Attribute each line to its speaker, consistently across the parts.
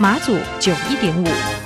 Speaker 1: 馬祖九一點五。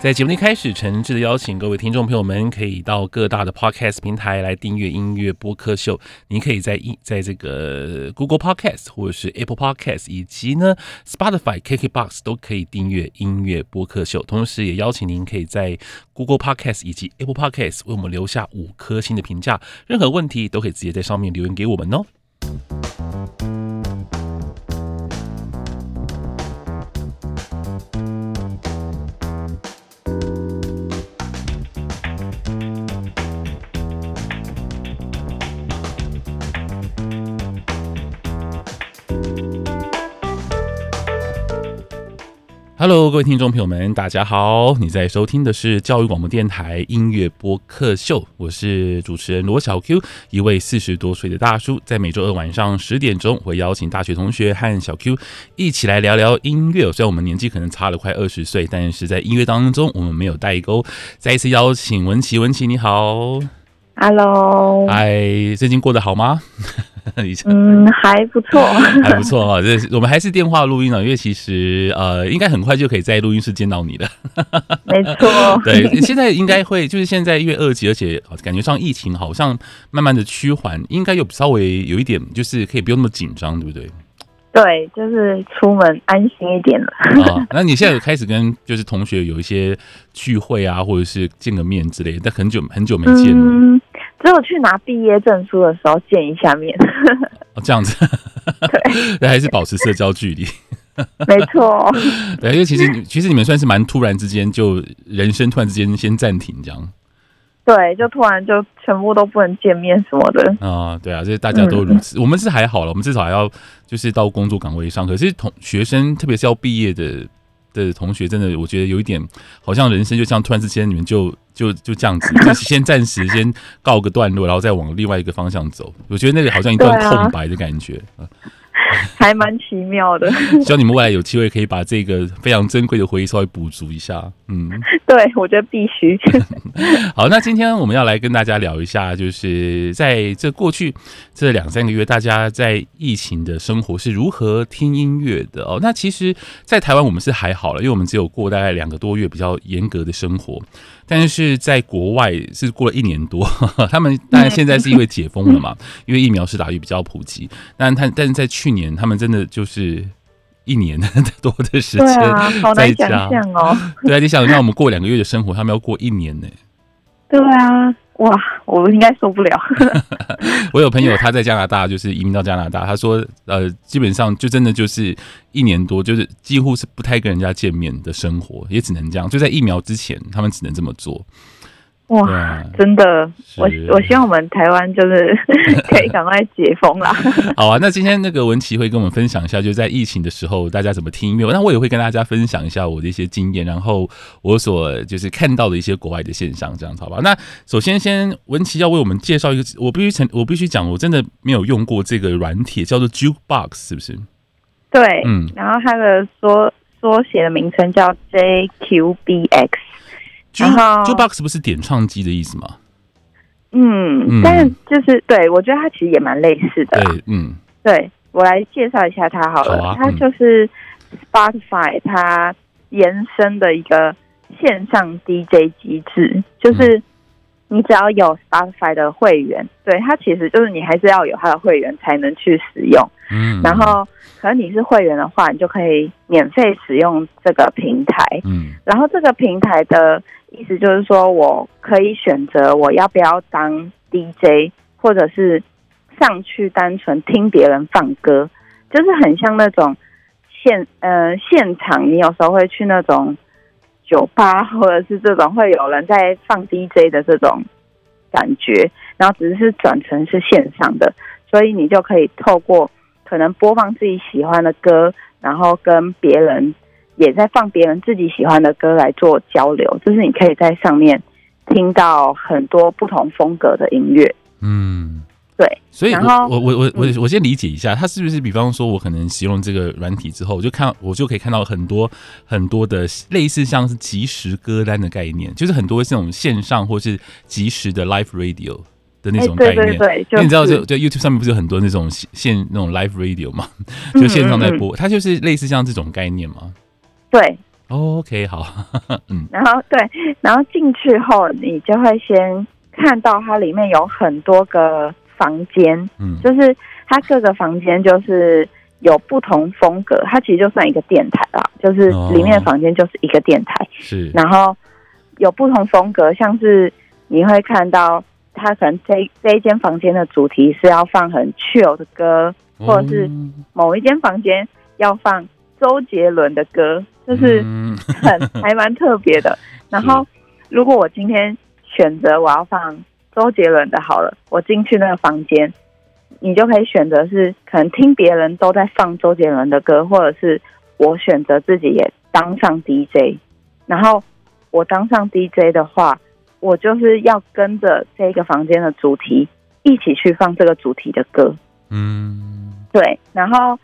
Speaker 1: 在節目一開始，誠摯的邀請各位聽眾朋友們，可以到各大的 Podcast 平台來訂閱音樂播客秀。您可以在一在這個 Google Podcast 或者是 Apple Podcast，以及呢 Spotify、KKBox 都可以訂閱音樂播客秀。同時，也邀請您可以在 Google Podcast 以及 Apple Podcast 為我們留下五顆星的評價。任何問題都可以直接在上面留言給我們哦。Hello，各位聽眾朋友們，大家好！你在收聽的是教育廣播電臺音樂播客秀，我是主持人羅小 Q，一位四十多歲的大叔，在每周二晚上十點鐘，會邀請大學同學和小 Q 一起來聊聊音樂。雖然我們年紀可能差了快二十歲，但是在音樂當中，我們沒有代溝。再一次邀請文綺，文綺你好，Hello，嗨，最近過得好嗎？
Speaker 2: 嗯，還
Speaker 1: 不錯，還不錯哈。這我們還是電話錄音了，因為其實呃，應該很快就可以在錄音室見到你的。
Speaker 3: 沒錯，對，
Speaker 1: 現在應該會，就是現在因為二級，而且感覺上疫情好像慢慢的趨緩，應該有稍微有一點，就是可以不用那麼緊張，對不對？
Speaker 2: 對，就是出門安心
Speaker 1: 一點了。啊，那你現在有開始跟就是同學有一些聚會啊，或者是見個面之類的，但很久很久沒見了。嗯
Speaker 2: 只有去拿畢業證書的時候見一下面，
Speaker 1: 這樣子，對， 還是保持社交距離，
Speaker 2: 沒錯。
Speaker 1: 對，因為其實其實你們算是蠻突然之間，就人生突然之間先暫停這樣。
Speaker 2: 對，就突然就全部都不能見面什麼的
Speaker 1: 啊、哦，對啊，這些大家都如此。嗯、我們是還好了，我們至少還要就是到工作崗位上。可是同學生特別是要畢業的。的同學真的，我覺得有一點，好像人生就像突然之間，你們就就就這樣子，就是先暫時先告個段落，然後再往另外一個方向走。我覺得那個好像一段空白的感覺。
Speaker 2: 還蠻奇妙
Speaker 1: 的，希望你們未來有機會可以把這個非常珍貴的回憶稍微補足一下嗯。嗯，
Speaker 2: 對，我覺得必須。
Speaker 1: 好，那今天我們要來跟大家聊一下，就是在這過去這兩三個月，大家在疫情的生活是如何聽音樂的哦。那其實，在台灣我們是還好了，因為我們只有過大概兩個多月比較嚴格的生活，但是在國外是過了一年多。呵呵他們當然現在是因為解封了嘛， 因為疫苗是打的比較普及，但他但是在去年他們。他們真的就是一年多的時間，對啊，好難見見哦，在家哦，對啊，你想讓我們過兩個月的生活，他們要過一年呢，欸。對啊，哇，我應
Speaker 2: 該受不了。
Speaker 1: 我有朋友他在加拿大，就是移民到加拿大，他說，呃，基本上就真的就是一年多，就是幾乎是不太跟人家見面的生活，也只能這樣。就在疫苗之前，他們只能這麼做。哇，嗯、
Speaker 2: 真的，是我我希望我們台灣就是 可以趕快解封啦。
Speaker 1: 好啊，那今天那個文綺會跟我們分享一下，就是、在疫情的時候大家怎麼聽音樂。那我也會跟大家分享一下我的一些經驗，然後我所就是看到的一些國外的現象，這樣子好不好？那首先先文綺要為我們介紹一個，我必須承，我必須講，我真的沒有用過這個軟體，叫做 Jukebox，是不是？對，嗯，然
Speaker 2: 後他的縮縮寫的名稱叫 JQBX。ju 就後
Speaker 1: box 不是點唱機的意思嗎？嗯，
Speaker 2: 嗯，但是就是對我覺得它其實也蠻類似的對。嗯，對，我來介紹一下它好了，它、啊嗯、就是 Spotify 它延伸的一個線上 DJ 機制，就是。嗯你只要有 Spotify 的會員，對，他其實就是你還是要有他的會員才能去使用。嗯，然後，可能你是會員的話，你就可以免費使用這個平台。嗯，然後這個平台的意思就是說，我可以選擇我要不要當 DJ，或者是上去單純聽別人放歌，就是很像那種現呃現場，你有時候會去那種。酒吧或者是這種會有人在放 DJ 的這種感覺，然後只是轉成是線上的，所以你就可以透過可能播放自己喜歡的歌，然後跟別人也在放別人自己喜歡的歌來做交流，就是你可以在上面聽到很多不同風格的音樂，嗯。
Speaker 1: 對，所以我、嗯，我，我我我我我先理解一下，他是不是比方說，我可能使用這個軟體之後，我就看我就可以看到很多很多的類似像是即時歌單的概念，就是很多這種線上或是即時的 live radio 的那種概念。欸、對對對，就是，因為你知道就，就就 YouTube 上面不是有很多那種線那種 live radio 嘛，嗯嗯嗯 就線上在播，嗯嗯，它就是類似像這種概念嘛。對，OK，好， 嗯，然
Speaker 2: 後對，然後進去後，你就會先看到它裡面有很多個。房間，嗯，就是它各個房間就是有不同風格，它其實就算一個電台啦，就是裡面的房間就是一個電台，是。哦、然後有不同風格，像是你會看到他可能這一這一間房間的主題是要放很 chill 的歌，或者是某一間房間要放周杰倫的歌，就是很、
Speaker 3: 嗯、
Speaker 2: 還蠻特別的。然後如果我今天選擇我要放。周杰倫的，好了，我進去那個房間，你就可以選擇是可能聽別人都在放周杰倫的歌，或者是我選擇自己也當上 DJ。然後我當上 DJ 的話，我就是要跟着這個房間的主題一起去放這個主題的歌。嗯，對。然後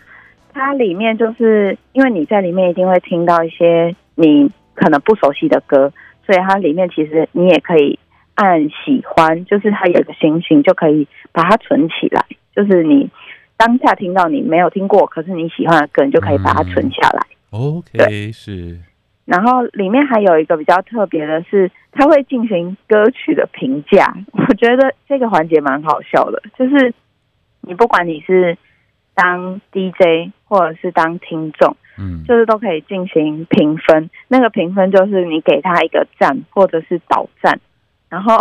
Speaker 2: 它裡面就是因為你在裡面一定會聽到一些你可能不熟悉的歌，所以它裡面其實你也可以。按喜歡，就是他有一個星星就可以把它存起來。就是你當下聽到你沒有聽過，可是你喜歡的歌，你就可以把它存下來。
Speaker 1: 嗯、對 OK，是。
Speaker 2: 然後裡面還有一個比較特別的是，他會進行歌曲的評價。我覺得這個環節蠻好笑的，就是你不管你是當 DJ 或者是當聽眾，嗯，就是都可以進行評分。嗯、那個評分就是你給他一個贊或者是倒贊。然後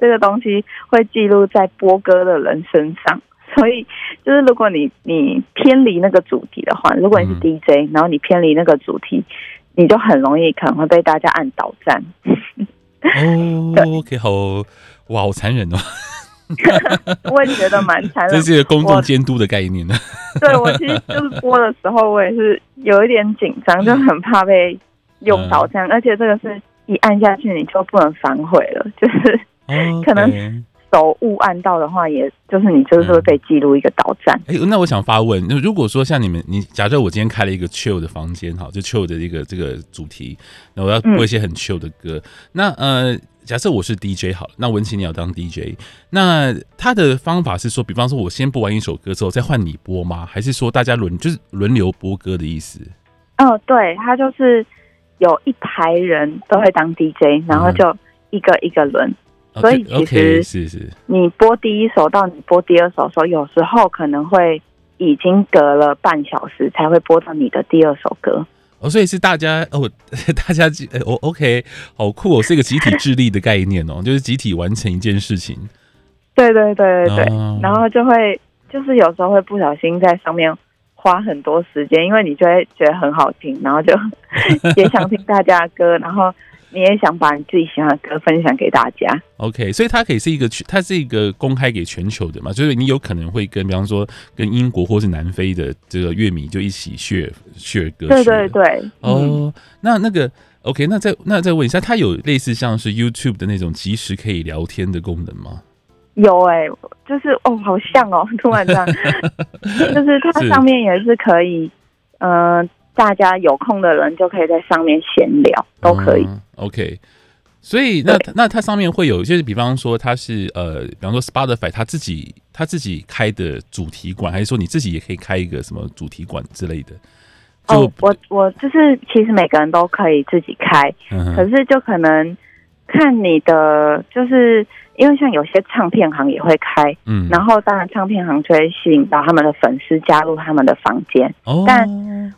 Speaker 2: 這個東西會記錄在播歌的人身上，所以就是如果你你偏離那個主題的話，如果你是 DJ，、嗯、然後你偏離那個主題，你就很容易可能會被大家按倒讚。
Speaker 1: 哦，OK，好對、哦，哇，好殘忍哦！
Speaker 2: 我也覺得蠻殘忍的，這是一個公眾
Speaker 1: 監督的概念呢？對，我其實就是播
Speaker 2: 的時候，我也是有一點緊張，就很怕被用倒讚，嗯、而且這個是。一按下去你就不能反悔了，就
Speaker 1: 是 Okay. 可能
Speaker 2: 手誤按到的話也，也就是你就是會被記錄一個導站。
Speaker 1: 哎、嗯欸，那我想發問，那如果說像你們，你假設我今天開了一個 chill 的房間，好，就 chill 的這個這個主題，那我要播一些很 chill 的歌。嗯、那呃，假設我是 DJ 好了，那文綺你要當 DJ，那他的方法是說，比方說我先播完一首歌之後再換你播嗎？還是說大家輪就是輪流播歌的意思？
Speaker 2: 哦，對，他就是。有一排人都會當 DJ，然後就一個一個輪
Speaker 1: ，okay, okay, 所以其實
Speaker 2: 你播第一首到你播第二首的時候，有時候可能會已經隔了半小時才會播到你的第二首歌。
Speaker 1: 哦，所以是大家哦，大家欸，我 OK 好酷哦，是一個集體智力的概念哦， 就是集體完成一件事情。
Speaker 2: 對對對對對，oh. 然後就會就是有時候會不小心在上面花很多時間，因為你就會覺得很好聽，然後就也想聽大家的歌， 然後你也想把你自己喜歡的歌分享給大家。
Speaker 1: OK，所以它可以是一個，它是一個公開給全球的嘛，就是你有可能會跟，比方說跟英國或是南非的這個樂迷就一起 share share 歌曲。對對對。哦、嗯，oh, 那那個 OK，那再那再問一下，它有類似像是 YouTube 的那種即時可以聊天的功能嗎？
Speaker 2: 有哎、欸，就是哦，好像哦，突然這樣 就是它上面也是可以，嗯是、呃，大家有空的人就可以在上面閒聊，
Speaker 3: 都可以。嗯、
Speaker 1: OK，所以那對那它上面會有，就是比方說它是呃，比方說 Spotify 他自己他自己開的主題館，還是說你自己也可以開一個什麼主題館之類的？
Speaker 2: 哦，我我就是其實每個人都可以自己開，嗯、哼可是就可能看你的就是。因為像有些唱片行也會開，嗯，然後當然唱片行就會吸引到他們的粉絲加入他們的房間，哦，但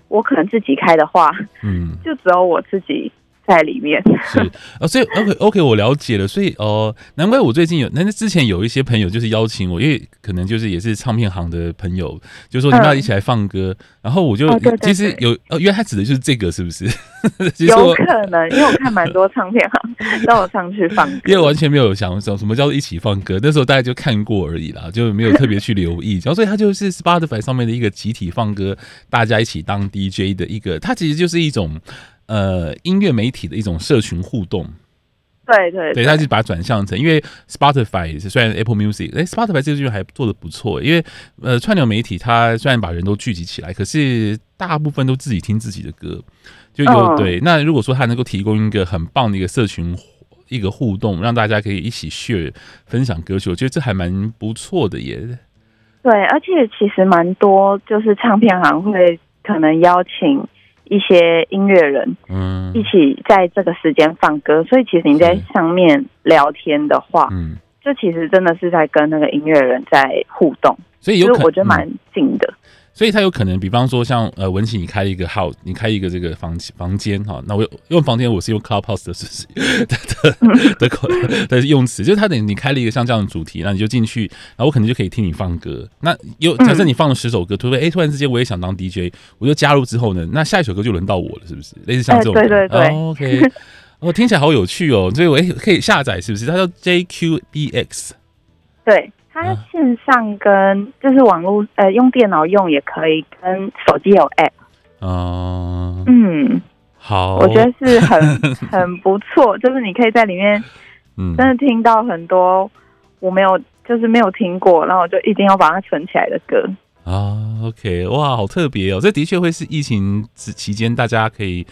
Speaker 2: 我可能自己開的話，
Speaker 1: 嗯，
Speaker 2: 就只有我自己。在裡面是
Speaker 1: 啊，哦，所以 OK OK，我了解了。所以哦，難怪我最近有，那之前有一些朋友就是邀請我，因為可能就是也是唱片行的朋友，就說你們要一起來放歌。嗯、然後我就，哦、對對對，其實有，因為他指的就是這個，是不是？有
Speaker 2: 可能， 說因為我看蠻多唱片行讓 我上去放
Speaker 1: 歌，因為完全沒有想什什麼叫做一起放歌。那時候大家就看過而已啦，就沒有特別去留意。然後 所以他就是 Spotify 上面的一個集體放歌，大家一起當 DJ 的一個，他其實就是一種。呃，音樂媒體的一種社群互動，對
Speaker 3: 對對、對，他
Speaker 1: 就把它轉向成，因為 Spotify 也是雖然 Apple Music，哎，Spotify 這個就還做得不錯，因為呃，串流媒體它雖然把人都聚集起來，可是大部分都自己聽自己的歌，就有、嗯、對。那如果說它能夠提供一個很棒的一個社群一個互動，讓大家可以一起 share 分享歌曲，我覺得這還蠻不錯的耶。
Speaker 2: 對，而且其實蠻多，就是唱片行會可能邀請。一些音樂人，嗯，一起在這個時間放歌，嗯，所以其實你在上面聊天的話，嗯，這其實真的是在跟那個音樂人在互動，所以，所以我覺得蠻近的。嗯
Speaker 1: 所以他有可能，比方說像呃文綺，你開一個 house，你開一個這個房房間哈，那我用房間我是用 clubhouse 的是不是？的的的用詞，就是他等於你開了一個像這樣的主題，那你就進去，然後我可能就可以聽你放歌。那又假設你放了十首歌，除非哎突然之間我也想當 DJ，我就加入之後呢，那下一首歌就輪到我了，是不是？類似像這種。欸，對對對 oh,，OK，我、oh, 聽起來好有趣哦，所以我也可以下載是不是？它叫 JQBX 對。
Speaker 2: 它線上跟、啊、就是網絡，呃，用電腦用也可以，跟手機有 App。哦、呃，嗯，
Speaker 3: 好，我覺得是很
Speaker 2: 很不錯，就是你可以在裡面，真的聽到很多我沒有，就是沒有聽過，然後我就一定要把它存起來的歌。
Speaker 1: 啊，OK，哇，好特別哦，這的確會是疫情期間大家可以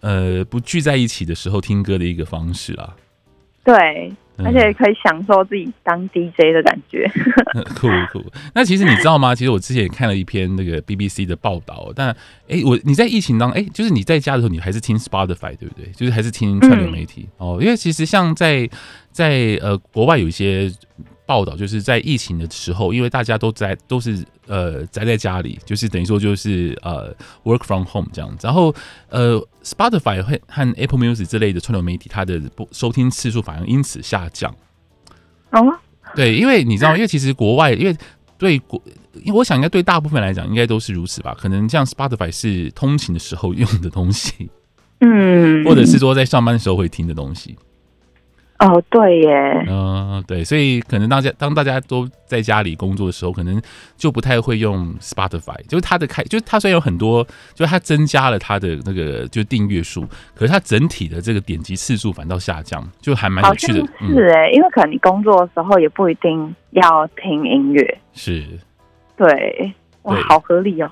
Speaker 1: 呃不聚在一起的時候聽歌的一個方式啊。
Speaker 2: 對。而且可以享受自己當 DJ 的感覺，
Speaker 1: 嗯，酷酷。那其實你知道嗎？其實我之前也看了一篇那個 BBC 的報道，但誒、欸，我你在疫情當誒、欸，就是你在家的時候，你還是聽 Spotify 對不對？就是還是聽串流媒，媒體、嗯、哦，因為其實像在在呃國外有一些。報道就是在疫情的時候，因為大家都在都是呃宅在家裡，就是等於說就是呃 work from home 這樣子。然後呃，Spotify 和和 Apple Music 之類的串流媒體，它的收聽次數反而因此下降。
Speaker 3: 哦，oh?
Speaker 1: 對，因為你知道，因為其實國外，因為對國，因為我想應該對大部分來講，應該都是如此吧。可能像 Spotify 是通勤的時候用的東西，
Speaker 2: 嗯，或者是
Speaker 1: 說在上班的時候會聽的東西。哦，oh, 對耶，嗯，oh, 對，所以可能大家當大家都在家裡工作的時候，可能就不太會用 Spotify，就是它的開，就是它雖然有很多，就它增加了它的那個就訂閱數，可是它整體的這個點擊次數反倒下降，就還蠻有趣的，是哎、欸，嗯，
Speaker 2: 因為可能你工作的時候也不一定要聽音樂，是，對。對哇，好
Speaker 1: 合理哦！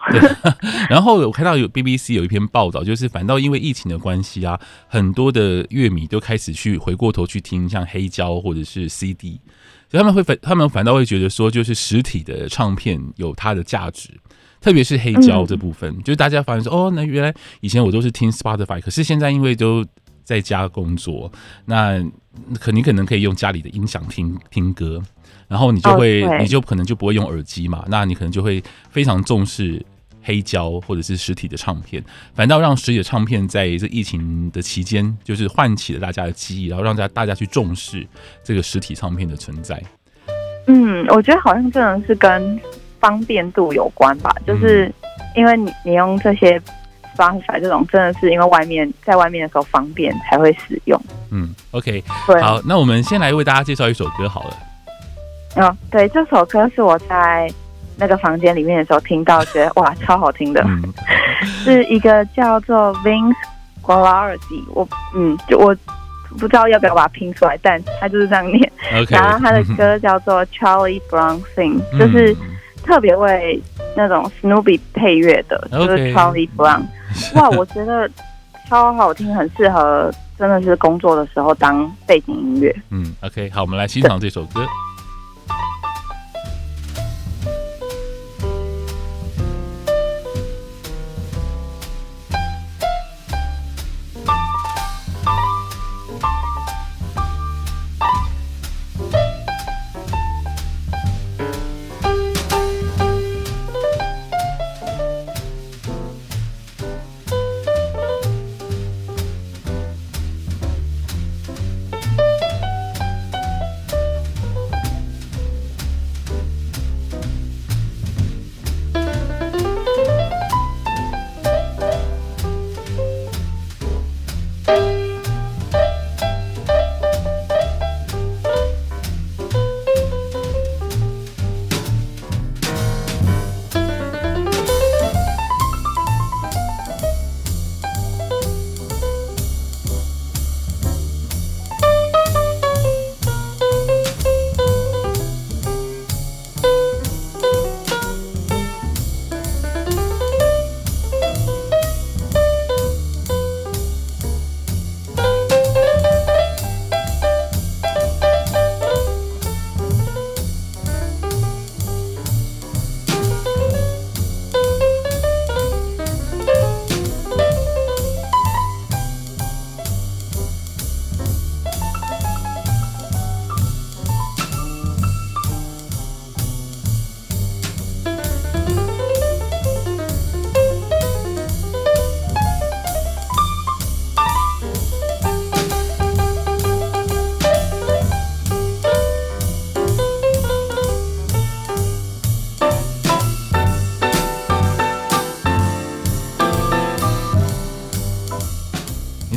Speaker 1: 然後我看到有 BBC 有一篇報道，就是反倒因為疫情的關係啊，很多的樂迷都開始去回過頭去聽像黑膠或者是 CD，所以他們會反他們反倒會覺得說，就是實體的唱片有它的價值，特別是黑膠這部分，嗯、就是大家發現說哦，那原來以前我都是聽 Spotify，可是現在因為都。在家工作，那可你可能可以用家裡的音響聽聽歌，然後你就會，oh, 對你就可能就不會用耳機嘛。那你可能就會非常重視黑膠或者是實體的唱片，反倒讓實體的唱片在這疫情的期間，就是喚起了大家的記憶，然後讓大家大家去重視這個實體唱片的存在。嗯，
Speaker 2: 我覺得好像可能是跟方便度有關吧，就是因為你你用這些。方式，這種真的是因為外面、在外面的時候方便才會使用。
Speaker 1: 嗯，OK，對好，那我們先來為大家介紹一首歌好
Speaker 2: 了。哦，對，這首歌是我在那個房間裡面的時候聽到，覺得哇，超好聽的，嗯，是一個叫做 Vince Guaraldi，我嗯，就我不知道要不要把它拼出來，但它就是這樣念。OK，然後他的歌叫做 Charlie Brown Sing，就是。特別為那種 Snoopy 配樂的，Okay. 就是 Charlie Brown，哇， 我覺得超好聽，很適合，真的是工作的時候當背景音樂。
Speaker 1: 嗯，OK，好，我們來欣賞這首歌。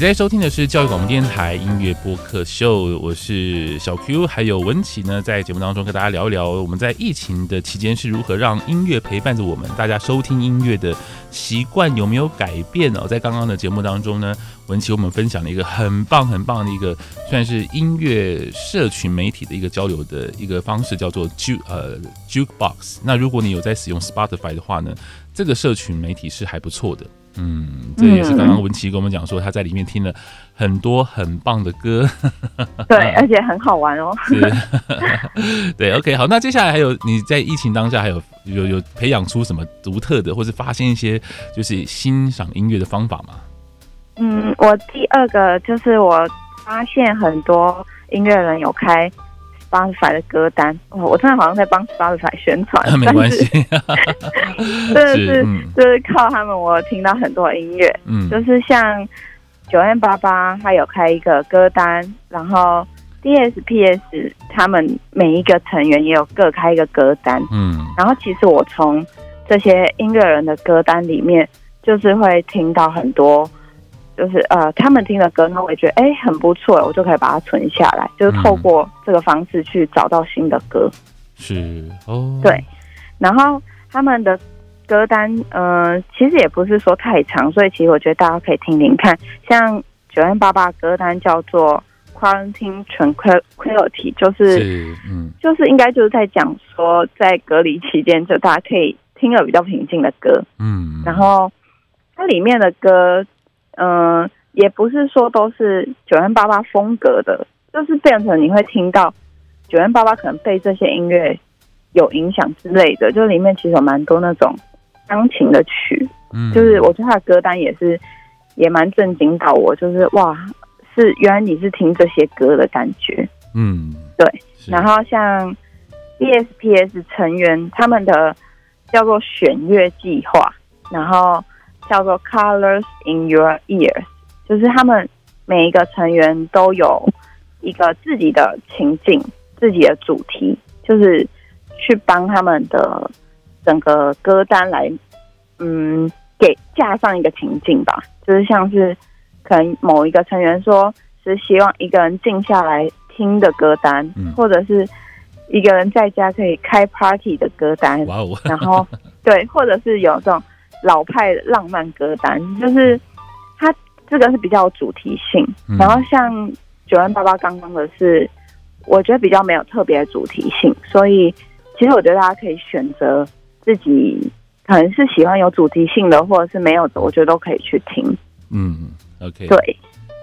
Speaker 1: 今你在收聽的是教育廣播電臺音樂播客秀，我是小 Q，還有文綺呢，在節目當中跟大家聊一聊，我們在疫情的期間是如何讓音樂陪伴着我們，大家收聽音樂的習慣有沒有改變哦？在剛剛的節目當中呢，文綺，我們分享了一個很棒很棒的一個，算是音樂社群媒體的一個交流的一個方式，叫做 Juke 呃 Jukebox。那如果你有在使用 Spotify 的話呢，這個社群媒體是還不錯的。嗯，這也是剛剛文綺跟我們講說，嗯、他在裡面聽了很多很棒的歌，對， 而
Speaker 2: 且很好玩哦
Speaker 1: 是。 對，OK，好，那接下來還有你在疫情當下，還有有有培養出什麼獨特的，或是發現一些就是欣賞音樂的方法嗎？嗯，
Speaker 2: 我第二個就是我發現很多音樂人有開。八百的歌單哦，我現在好像在幫八百宣傳，那沒關係，是就是靠他們，我聽到很多音樂，嗯，就是像 9m88，他有開一個歌單，然後 DSPS 他們每一個成員也有各開一個歌單，嗯，然後其實我從這些音樂人的歌單裡面，就是會聽到很多。就是呃，他們聽的歌，呢，我也覺得哎很不錯，我就可以把它存下來。嗯、就是透過這個方式去找到新的歌，
Speaker 3: 是哦。對，
Speaker 2: 然後他們的歌單，嗯、呃、其實也不是說太長，所以其實我覺得大家可以聽聽看。像九 n 八八歌單叫做 Quarantine Tranquility，就是，是嗯，就是應該就是在講說，在隔離期間就大家可以聽個比較平靜的歌，嗯，然後它裡面的歌。嗯、呃，也不是說都是九三八八風格的，就是變成你會聽到九三八八可能被這些音樂有影響之類的，就裡面其實有蠻多那種鋼琴的曲，嗯、就是我覺得他的歌單也是也蠻震驚到我，就是哇，是原來你是聽這些歌的感覺，
Speaker 3: 嗯，
Speaker 2: 對。是然後像 DSPS 成員他們的叫做選樂計劃，然後。叫做 Colors in Your Ears，就是他們每一個成員都有一個自己的情境、自己的主題，就是去幫他們的整個歌單來，嗯，給架上一個情境吧。就是像是可能某一個成員說，是希望一個人靜下來聽的歌單，嗯，或者是一個人在家可以開 party 的歌單，Wow 然後對，或者是有這種。老派浪漫歌單，就是它這個是比較有主題性，嗯、然後像九萬八八剛剛的是，我覺得比較沒有特別的主題性，所以其實我覺得大家可以選擇自己可能是喜歡有主題性的，或者是沒有的，我覺得都可以去聽。
Speaker 1: 嗯，OK，對，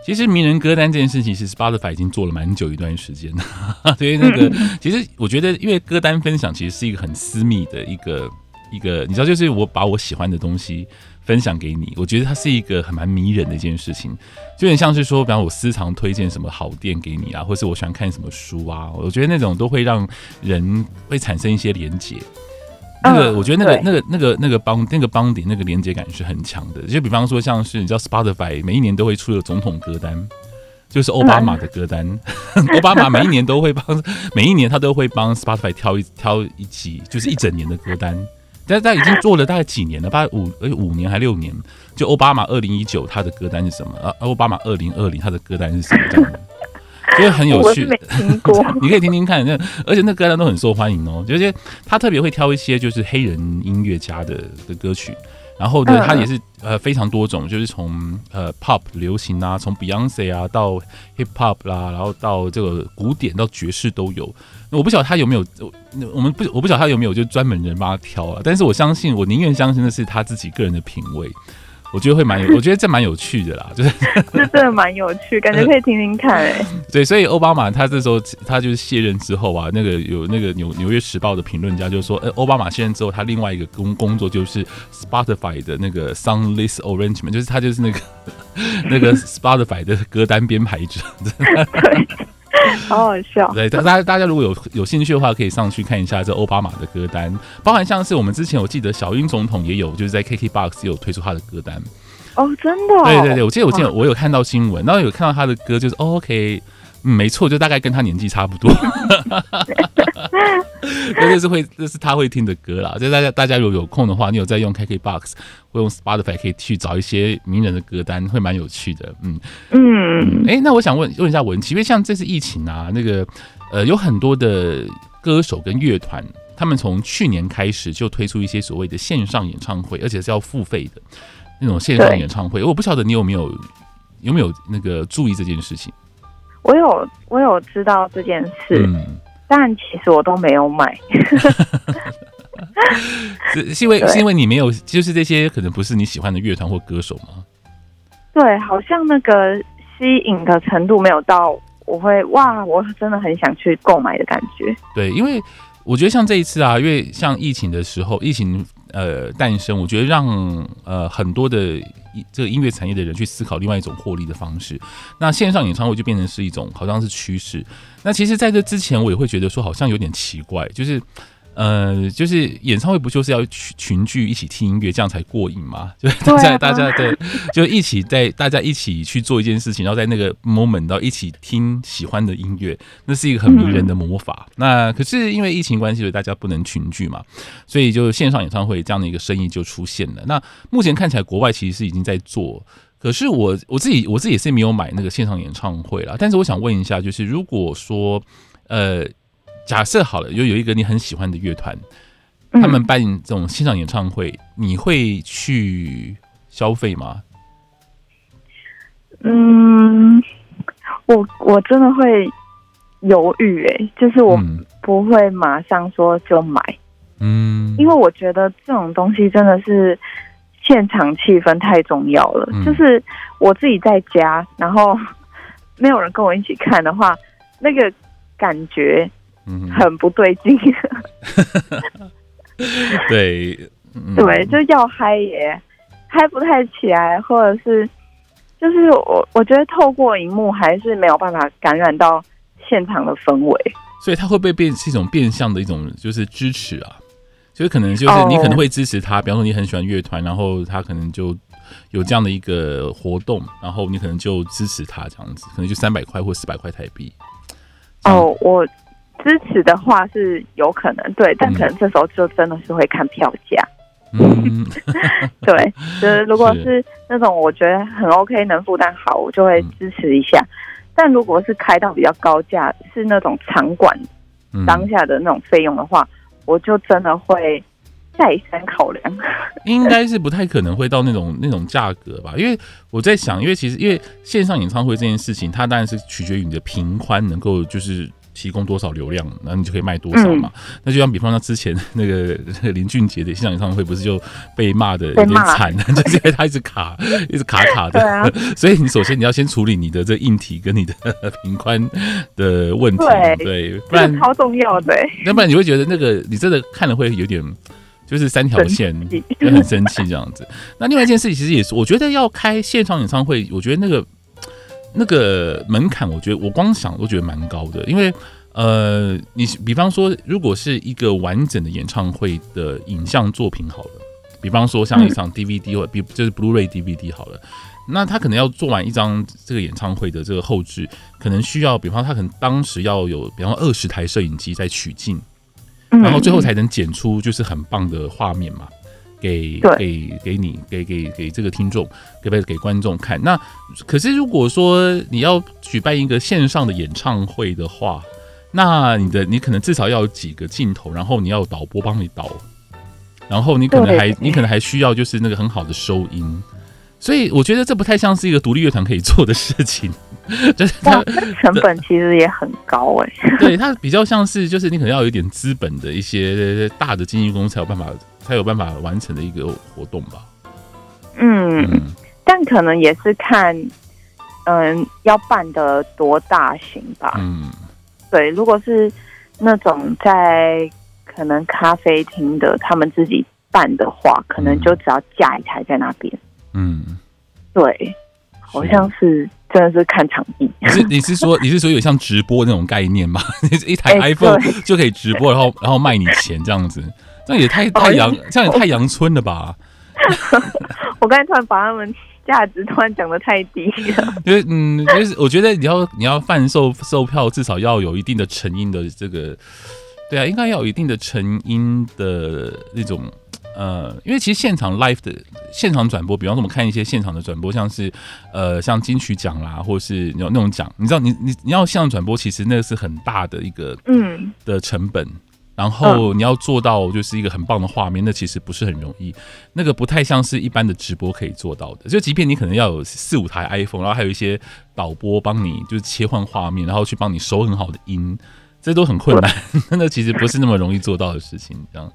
Speaker 1: 其實名人歌單這件事情，其實 Spotify 已經做了蠻久一段時間 對，所以那個、嗯、其實我覺得，因為歌單分享其實是一個很私密的一個。一個你知道，就是我把我喜歡的東西分享給你，我覺得它是一個很蠻迷人的一件事情，就有點像是說，比方我私藏推薦什麼好店給你啊，或是我喜歡看什麼書啊，我覺得那種都會讓人會產生一些連結。
Speaker 2: 哦、那個我覺得那個
Speaker 1: 對那個那個那個邦那個邦迪那個連結感是很強的，就比方說像是你知道 Spotify 每一年都會出的總統歌單，就是奧巴馬的歌單。奧那 巴馬每一年都會幫 每一年他都會幫 Spotify 挑一挑一集，就是一整年的歌單。但他已經做了大概幾年了，大概五哎五年還六年。就奧巴馬二零一九他的歌單是什麼？啊、奧巴馬二零二零他的歌單是什麼這樣的？就是很有趣的， 你可以聽聽看。那而且那歌單都很受歡迎哦，就是他特別會挑一些就是黑人音樂家的的歌曲。然後呢，他也是呃非常多種，就是從呃 pop 流行啊，從 Beyonce 啊到 hip hop 啦、啊，然後到這個古典到爵士都有。那我不曉得他有沒有我我們不我不曉得他有沒有就專門人幫他挑啊。但是我相信，我寧願相信的是他自己個人的品味。我覺得會蠻，我覺得這蠻有趣的啦，就是這
Speaker 2: 真的蠻有趣， 感覺可以聽聽看哎、
Speaker 1: 欸。對，所以奧巴馬他這時候他就是卸任之後啊，那個有那個紐紐約時報的評論家就說，呃、欸，奧巴馬卸任之後，他另外一個工工作就是 Spotify 的那個 Song List Arrangement，就是他就是那個 那個 Spotify 的歌單編排者。 對 好好笑，對，大家大家如果有有興趣的話，可以上去看一下這歐巴馬的歌單，包含像是我們之前我記得小英總統也有，就是在 KKBOX 有推出他的歌單，
Speaker 3: 哦，真的、哦，對對對，我記得我記得好我
Speaker 1: 有看到新聞，然後有看到他的歌就是 OK。沒錯，就大概跟他年紀差不多，
Speaker 2: 哈哈哈哈哈。真的是
Speaker 1: 會，這是他會聽的歌啦。就大家大家如果有空的話，你有在用 KKBOX，或用 Spotify 可以去找一些名人的歌單，會蠻有趣的。嗯嗯。哎，那我想問問一下文綺，因為像這次疫情啊，那個呃，有很多的歌手跟樂團，他們從去年開始就推出一些所謂的線上演唱會，而且是要付費的，那種線上演唱會。我不曉得你有沒有有沒有那個注意這件事情。
Speaker 2: 我有我有知道這件事，嗯，但其實我都沒有買，
Speaker 1: 是是因為對是因為你沒有，就是這些可能不是你喜歡的樂團或歌手嗎？
Speaker 2: 對，好像那個吸引的程度沒有到，我會哇，我真的很想去購買的感覺。
Speaker 1: 對，因為我覺得像這一次啊，因為像疫情的時候，疫情。呃，誕生我覺得讓呃很多的這個音樂產業的人去思考另外一種獲利的方式，那線上演唱會就變成是一種好像是趨勢。那其實在這之前，我也會覺得說好像有點奇怪，就是。呃，就是演唱會不就是要群群聚一起聽音樂，這樣才過癮嘛？就大家、對啊、大家對，就一起在大家一起去做一件事情，然後在那個 moment 到一起聽喜歡的音樂，那是一個很迷人的魔法。嗯、那可是因為疫情關係，所以大家不能群聚嘛，所以就線上演唱會這樣的一個生意就出現了。那目前看起來國外其實是已經在做，可是我我自己我自己也是沒有買那個線上演唱會啦。但是我想問一下，就是如果說呃。假設好了，又有一個你很喜歡的樂團，他們辦這種線上演唱會，嗯、你會去消費嗎？
Speaker 2: 嗯，我我真的會猶豫哎、欸，就是我不會馬上說就買，嗯，因為我覺得這種東西真的是現場氣氛太重要了。嗯、就是我自己在家，然後沒有人跟我一起看的話，那個感覺。很不對勁。
Speaker 1: 對對，
Speaker 2: 對嗯、就要嗨也嗨不太起來，或者是就是我我覺得透過熒幕還是沒有辦法感染到現場的氛圍。
Speaker 1: 所以，他會不會變是一種變相的一種就是支持啊？就是可能就是你可能會支持他，oh, 比方說你很喜歡樂團，然後他可能就有這樣的一個活動，然後你可能就支持他這樣子，可能就三百塊或四百塊台幣。
Speaker 2: 哦，oh, 我。支持的話是有可能對，但可能這時候就真的是會看票價。嗯、 對，就是如果是那種我覺得很 OK 能負擔好，我就會支持一下。嗯、但如果是開到比較高價，是那種場館當下的那種費用的話，嗯、我就真的會再三考量。
Speaker 1: 應該是不太可能會到那種那種價格吧，因為我在想，因為其實因為線上演唱會這件事情，它當然是取決於你的頻寬能夠就是。提供多少流量，然後你就可以賣多少嘛？嗯、那就像比方他之前那個林俊傑的線上演唱會，不是就被罵的有點慘，是因為他一直卡， 一直卡卡的。對啊、所以你首先你要先處理你的這硬體跟你的頻寬的問題，對，對，不然超
Speaker 2: 重要的、
Speaker 1: 欸。要不然你會覺得那個你真的看了會有點就是三條線，就真奇 很生氣這樣子。 那另外一件事情其實也是，我覺得要開線上演唱會，我覺得那個。那個門檻，我覺得我光想都覺得蠻高的，因為，呃，你比方說，如果是一個完整的演唱會的影像作品好了，比方說像一場 DVD 或比就是 Blu-ray DVD 好了，那他可能要做完一張這個演唱會的這個後製，可能需要，比方他可能當時要有比方二十台攝影機在取鏡，然後最後才能剪出就是很棒的畫面嘛。對 給給給你給給給這個聽眾，給不給觀眾看？那可是如果說你要舉辦一個線上的演唱會的話，那你的你可能至少要有幾個鏡頭，然後你要有導播幫你導，然後你可能還對對對，你可能還需要就是那個很好的收音，所以我覺得這不太像是一個獨立樂團可以做的事情。哇 就是它成本其實也很高哎、欸，對它比較像是就是你可能要有一點資本的一些大的經紀公司才有辦法。才有辦法完成的一個活動吧？嗯，嗯，
Speaker 2: 但可能也是看，嗯、呃，要辦的多大型吧。嗯，對，如果是那種在可能咖啡廳的他們自己辦的話，可能就只要架一台在那邊。嗯，對，好像是，是真的是看場地。你
Speaker 1: 是，你是說你是說有像直播那種概念嗎？ 一台 iPhone、欸、就可以直播，然後然後賣你錢這樣子。那也太太陽，這樣也太陽、哦、春了吧？我剛
Speaker 2: 才突然把他們價值突然講得太低
Speaker 1: 了因、嗯。因為嗯，就是我覺得你要你要販售售票，至少要有一定的成因的這個，對啊，應該要有一定的成因的那種呃，因為其實現場 live 的現場轉播，比方說我們看一些現場的轉播，像是呃像金曲獎啦，或是那種獎，你知道你你你要現場轉播，其實那是很大的一個嗯的成本。嗯然後你要做到就是一個很棒的畫面，那其實不是很容易，那個不太像是一般的直播可以做到的。就即便你可能要有四五台 iPhone，然後還有一些導播幫你，就是切換畫面，然後去幫你收很好的音，這都很困難。對 那其實不是那麼容易做到的事情，這樣。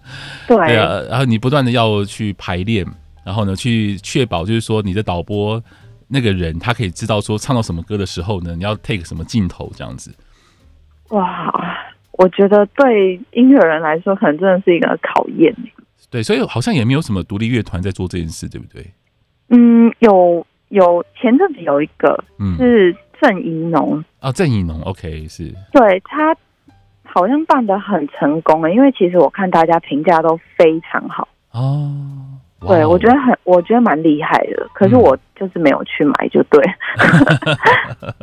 Speaker 1: 對，對啊，然後你不斷的要去排練，然後呢去確保，就是說你的導播那個人他可以知道說唱到什麼歌的時候呢，你要 take 什麼鏡頭這樣子。
Speaker 2: 哇。我覺得對音樂人來說，可能真的是一個考驗。
Speaker 1: 對，所以好像也沒有什麼獨立樂團在做這件事，對不對？
Speaker 2: 嗯，有有前陣子有一個、嗯、是鄭宜農
Speaker 1: 啊，鄭宜農 OK 是，
Speaker 2: 對他好像辦得很成功了，因為其實我看大家評價都非常好哦，哦對，我覺得很我覺得蠻厲害的，可是我就是沒有去買，就對。嗯、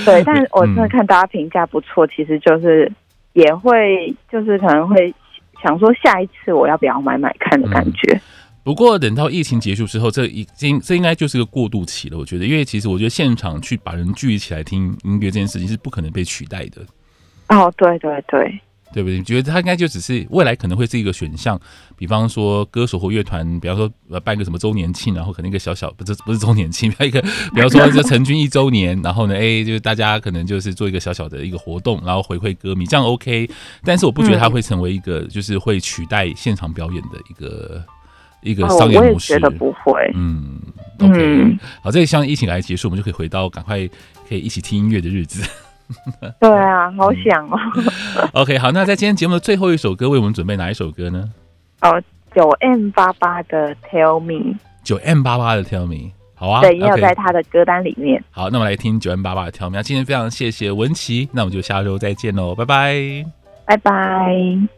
Speaker 2: 對，但我真的看大家評價不錯，其實就是。也會就是可能會想說下一次我要不要買買看的感覺、
Speaker 1: 嗯。不過等到疫情結束之後，這已經這應該就是個過渡期了。我覺得，因為其實我覺得現場去把人聚集起來聽音樂這件事情是不可能被取代的。
Speaker 2: 哦，對對對。
Speaker 1: 對不對？覺得他應該就只是未來可能會是一個選項，比方說歌手或樂團，比方說辦個什麼周年慶，然後可能一個小小不是不是周年慶，還有一個比方說就成軍一周年， 然後呢哎，就是大家可能就是做一個小小的一個活動，然後回饋歌迷，這樣 OK。但是我不覺得他會成為一個就是會取代現場表演的一個、嗯、一個商業模式。哦、不會，嗯，OK。嗯好，這疫情一起來結束，我們就可以回到趕快可以一起聽音樂的日子。
Speaker 2: 對啊，好想
Speaker 1: 哦。 OK，好，那在今天節目的最後一首歌，為我們準備哪一首歌呢？哦
Speaker 2: ，9M88 的 Tell
Speaker 1: Me，9M88 的 Tell Me，好啊，對，要在他
Speaker 2: 的歌單裡面。Okay.
Speaker 1: 好，那我們來聽 9M88 的 Tell Me。那今天非常謝謝文綺，那我們就下周再見嘍，拜拜，
Speaker 2: 拜拜。